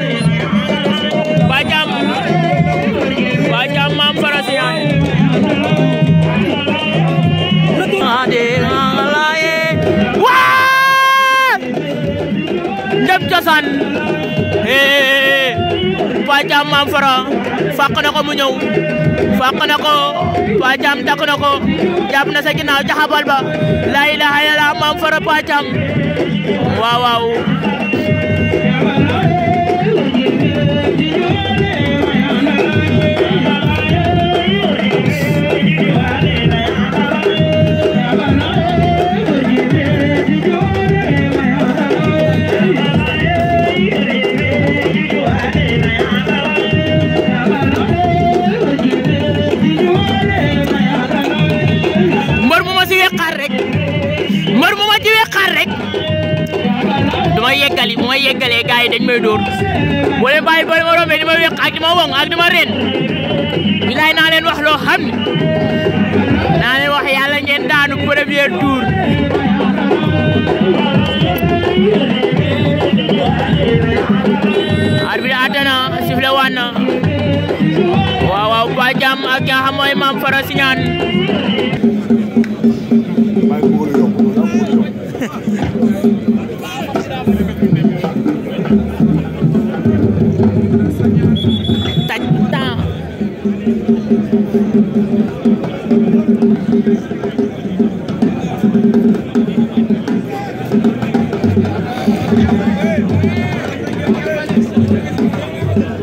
Sian Badiam Badiam Mame Fara Sian ade ngalaye wa ndem cosaan eh Badiam Mame Fara fàq ko mu ñëw fàq ko Badiam takk ko jàpp na sa ginnaaw jaxabal ba la ilaha illallah Mame Fara Badiam waaw waaw xaar rek mar mu ma jiwe ya, xaar rek duma yeggali buma yeggale gaay dañ may door bo len baye bo mo romé dima wéx ak dima wong ak dima reen bi lay na len wax lo xam na len wax yalla ngeen daanu premier tour arbi atana sifle wana waaw waaw ba jam ak nga xam moy mam farasignan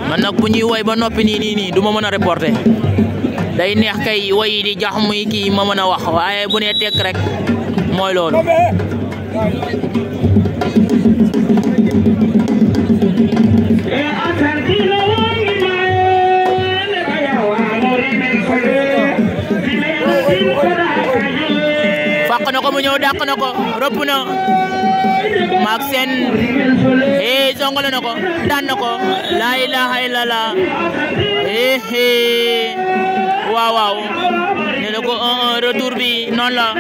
manak bu ñuy way ba nopi ni ni du ma mëna reporter day neex kay way di jox muy ki ma mëna wax waye bu ne tek rek moy lolu wàq na ko mu ñëw dàq na ko rëpp na maak seen eh zongale na ko bi noonu la.